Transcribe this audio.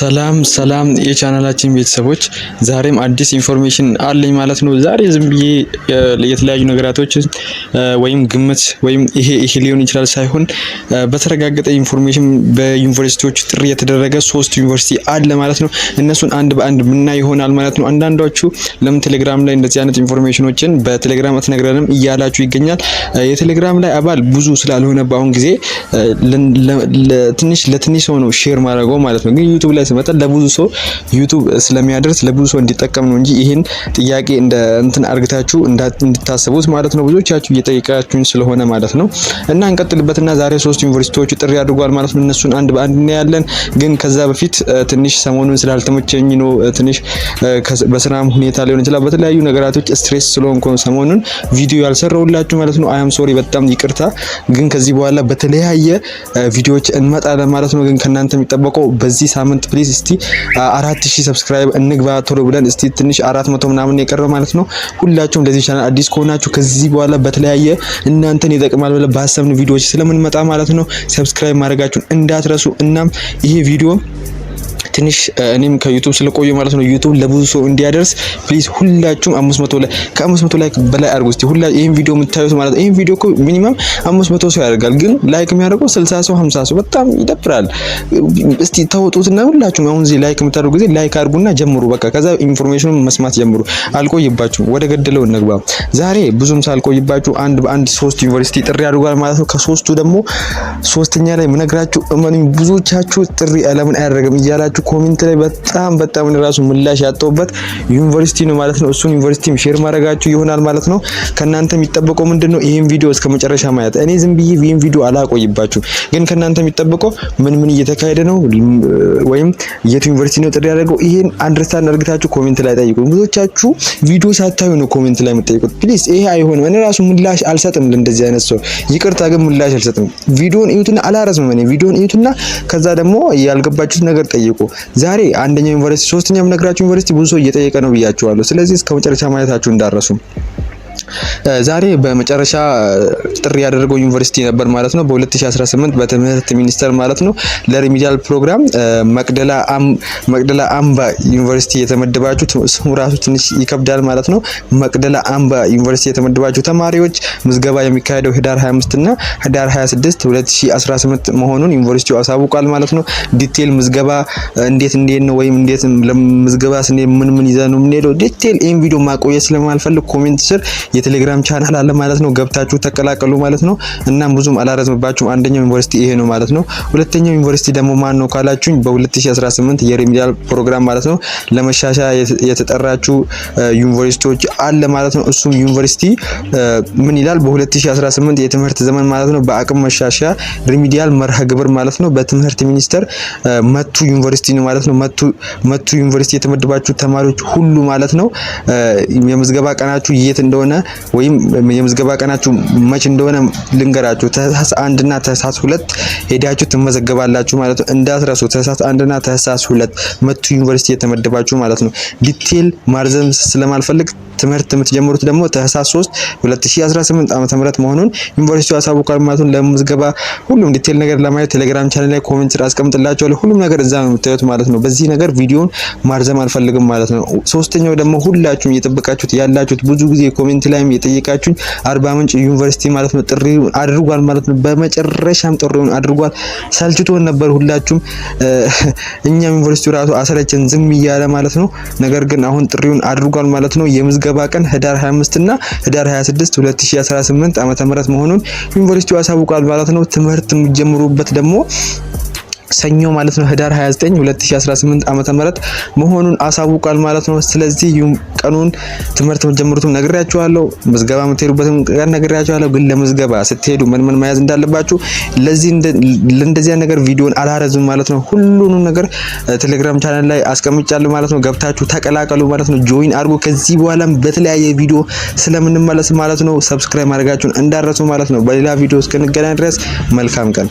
ሰላም ሰላም የቻናላችን ቤተሰቦች፣ ዛሬም አዲስ ኢንፎርሜሽን አለኝ ማለት ነው። ዛሬ ዝም ብዬ የተለያዩ ነገራቶች ወይም ግምት ወይም ይሄ ይሄ ሊሆን ይችላል ሳይሆን በተረጋገጠ ኢንፎርሜሽን በዩኒቨርሲቲዎች ጥሪ የተደረገ ሶስት ዩኒቨርሲቲ አለ ማለት ነው። እነሱን አንድ በአንድ ምና ይሆናል ማለት ነው። አንዳንዶቹ ለምን ቴሌግራም ላይ እንደዚህ አይነት ኢንፎርሜሽኖችን በቴሌግራም አትነግረንም እያላችሁ ይገኛል። የቴሌግራም ላይ አባል ብዙ ስላልሆነ በአሁን ጊዜ ትንሽ ለትንሽ ሰው ነው ሼር ማድረገው ማለት ነው። ግን ዩቱብ ላይ በተቻለ መጠን ለብዙ ሰው ዩቱብ ስለሚያደርስ ለብዙ ሰው እንዲጠቀም ነው እንጂ ይህን ጥያቄ እንደ እንትን አርግታችሁ እንድታስቡት ማለት ነው። ብዙዎቻችሁ እየጠየቃችሁኝ ስለሆነ ማለት ነው። እና እንቀጥልበትና ዛሬ ሶስት ዩኒቨርሲቲዎች ጥሪ አድርጓል ማለት ነው። እነሱን አንድ በአንድ እናያለን። ግን ከዛ በፊት ትንሽ ሰሞኑን ስላልተመቸኝ ነው። ትንሽ በስራም ሁኔታ ሊሆን ይችላል፣ በተለያዩ ነገራቶች ስትሬስ ስለሆንኩ ሰሞኑን ቪዲዮ ያልሰራሁላችሁ ማለት ነው። አይ አም ሶሪ፣ በጣም ይቅርታ። ግን ከዚህ በኋላ በተለያየ ቪዲዮዎች እንመጣለን ማለት ነው። ግን ከእናንተ የሚጠበቀው በዚህ ሳምንት ፕሊዝ እስቲ አራት ሺህ ሰብስክራይብ እንግባ ቶሎ ብለን እስቲ ትንሽ አራት መቶ ምናምን የቀረው ማለት ነው። ሁላችሁም ለዚህ ቻናል አዲስ ከሆናችሁ ከዚህ በኋላ በተለያየ እናንተን ይጠቅማል ብለን ባሰብን ቪዲዮዎች ስለምንመጣ ማለት ነው ሰብስክራይብ ማድረጋችሁን እንዳትረሱ። እናም ይሄ ቪዲዮ ትንሽ እኔም ከዩቱብ ስለቆየ ማለት ነው ዩቱብ ለብዙ ሰው እንዲያደርስ ፕሊዝ ሁላችሁም አምስት መቶ ላይ ከአምስት መቶ ላይክ በላይ አድርጉ እስቲ ሁላ ይህን ቪዲዮ የምታዩት ማለት ነው። ይህን ቪዲዮ እኮ ሚኒማም አምስት መቶ ሰው ያደርጋል፣ ግን ላይክ የሚያደርገው ስልሳ ሰው ሀምሳ ሰው በጣም ይደብራል። እስቲ ተወጡትና ሁላችሁም አሁን እዚህ ላይክ የምታደርጉ ጊዜ ላይክ አድርጉና ጀምሩ። በቃ ከዛ ኢንፎርሜሽኑ መስማት ጀምሩ። አልቆይባችሁ ወደ ገደለው እንግባ። ዛሬ ብዙም ሳልቆይባችሁ አንድ በአንድ ሶስት ዩኒቨርሲቲ ጥሪ አድርጓል ማለት ነው። ከሶስቱ ደግሞ ሶስተኛ ላይ ምነግራችሁ እመኑኝ ብዙዎቻችሁ ጥሪ ለምን አያደርግም እያላችሁ ብዙዎቹ ኮሜንት ላይ በጣም በጣም ራሱ ምላሽ ያጠውበት ዩኒቨርሲቲ ነው ማለት ነው። እሱን ዩኒቨርሲቲም ሼር ማድረጋችሁ ይሆናል ማለት ነው። ከእናንተ የሚጠበቀው ምንድነው? ይህን ቪዲዮ እስከ መጨረሻ ማየት። እኔ ዝም ብዬ ይህን ቪዲዮ አላቆይባችሁ፣ ግን ከእናንተ የሚጠበቀው ምን ምን እየተካሄደ ነው ወይም የት ዩኒቨርሲቲ ነው ጥሪ ያደርገው፣ ይሄን አንደርስታንድ አድርጋችሁ ኮሜንት ላይ ጠይቁ። ብዙዎቻችሁ ቪዲዮ ሳታዩ ነው ኮሜንት ላይ የምጠይቁት ፕሊዝ ይሄ አይሆንም። እኔ ራሱ ምላሽ አልሰጥም ለእንደዚህ አይነት ሰው ይቅርታ፣ ግን ምላሽ አልሰጥም። ቪዲዮን እዩትና አላረዝምም። እኔ ቪዲዮን እዩትና ከዛ ደግሞ ያልገባችሁት ነገር ጠይቁ። ዛሬ አንደኛ ዩኒቨርሲቲ ሶስተኛ የምነግራችሁ ዩኒቨርሲቲ ብዙ ሰው እየጠየቀ ነው ብያችኋለሁ። ስለዚህ እስከ መጨረሻ ማየታችሁ እንዳረሱ ዛሬ በመጨረሻ ጥሪ ያደረገው ዩኒቨርሲቲ ነበር ማለት ነው። በ2018 በትምህርት ሚኒስቴር ማለት ነው ለሪሚዲያል ፕሮግራም መቅደላ አምባ ዩኒቨርሲቲ የተመደባችሁ ስሙ ራሱ ትንሽ ይከብዳል ማለት ነው። መቅደላ አምባ ዩኒቨርሲቲ የተመደባችሁ ተማሪዎች ምዝገባ የሚካሄደው ህዳር 25 እና ህዳር 26 2018 መሆኑን ዩኒቨርሲቲው አሳውቋል ማለት ነው። ዲቴል ምዝገባ እንዴት እንዴት ነው ወይም እንዴት ለምዝገባ ስንዴ ምን ምን ይዘን ነው የምንሄደው ዲቴል ይህን ቪዲዮ ማቆየት ስለማልፈልግ ኮሜንት ስር የቴሌግራም ቻናል አለ ማለት ነው ገብታችሁ ተቀላቀሉ። ይታወቃሉ ማለት ነው። እናም ብዙም አላረዝምባችሁም። አንደኛው ዩኒቨርሲቲ ይሄ ነው ማለት ነው። ሁለተኛው ዩኒቨርሲቲ ደግሞ ማን ነው ካላችሁኝ በ2018 የሪሚዲያል ፕሮግራም ማለት ነው ለመሻሻ የተጠራችሁ ዩኒቨርሲቲዎች አለ ማለት ነው። እሱም ዩኒቨርሲቲ ምን ይላል በ2018 የትምህርት ዘመን ማለት ነው በአቅም መሻሻ ሪሚዲያል መርሃ ግብር ማለት ነው በትምህርት ሚኒስቴር መቱ ዩኒቨርሲቲ ነው ማለት ነው። መቱ ዩኒቨርሲቲ የተመደባችሁ ተማሪዎች ሁሉ ማለት ነው የምዝገባ ቀናችሁ የት እንደሆነ ወይም የምዝገባ ቀናችሁ መች እንደሆነ ልንገራችሁ። ተሳስ አንድ እና ተሳስ ሁለት ሄዳችሁ ትመዘገባላችሁ ማለት ነው። እንዳትረሱ አንድ እና ተሳስ ሁለት መቱ ዩኒቨርሲቲ የተመደባችሁ ማለት ነው። ዲቴል ማርዘም ስለማልፈልግ ትምህርት የምትጀምሩት ደግሞ ታህሳስ 3 2018 ምህረት መሆኑን ዩኒቨርሲቲው ያሳውቃል። ማለቱን ለምዝገባ ሁሉም ዲቴል ነገር ለማየት ቴሌግራም ቻናል ላይ ኮሜንት ስራ አስቀምጥላችኋለሁ። ሁሉም ነገር እዛ ነው የምታዩት ማለት ነው። በዚህ ነገር ቪዲዮን ማርዘም አልፈልግም ማለት ነው። ሶስተኛው ደግሞ ሁላችሁም እየጠበቃችሁት ያላችሁት ብዙ ጊዜ ኮሜንት ላይም እየጠየቃችሁኝ አርባ ምንጭ ዩኒቨርሲቲ ማለት ነው ጥሪ አድርጓል ማለት ነው። በመጨረሻም ጥሪውን አድርጓል። ሰልችቶን ነበር ሁላችሁም እኛም ዩኒቨርሲቲው ራሱ አሰለችን ዝም እያለ ማለት ነው። ነገር ግን አሁን ጥሪውን አድርጓል ማለት ነው። የምዝገ ምዝገባ ቀን ህዳር 25 እና ህዳር 26 2018 ዓ.ም መሆኑን ዩኒቨርሲቲው አሳውቋል ማለት ነው። ትምህርት የሚጀምሩበት ደግሞ ሰኞ ማለት ነው ህዳር 29 2018 ዓመተ ምህረት መሆኑን አሳውቋል ማለት ነው። ስለዚህ ቀኑን ትምህርት መጀመሩትም ነግሬያችኋለሁ። ምዝገባ የምትሄዱበትም ቀን ነግሬያችኋለሁ። ግን ለምዝገባ ስትሄዱ ምን ምን መያዝ እንዳለባችሁ ለዚህ ለእንደዚያ ነገር ቪዲዮን አላረዝም ማለት ነው። ሁሉንም ነገር ቴሌግራም ቻናል ላይ አስቀምጫለሁ ማለት ነው። ገብታችሁ ተቀላቀሉ ማለት ነው። ጆይን አድርጉ። ከዚህ በኋላም በተለያየ ቪዲዮ ስለምንመለስ ማለት ነው። ሰብስክራይብ ማድረጋችሁን እንዳረሱ ማለት ነው። በሌላ ቪዲዮ እስክንገናኝ ድረስ መልካም ቀን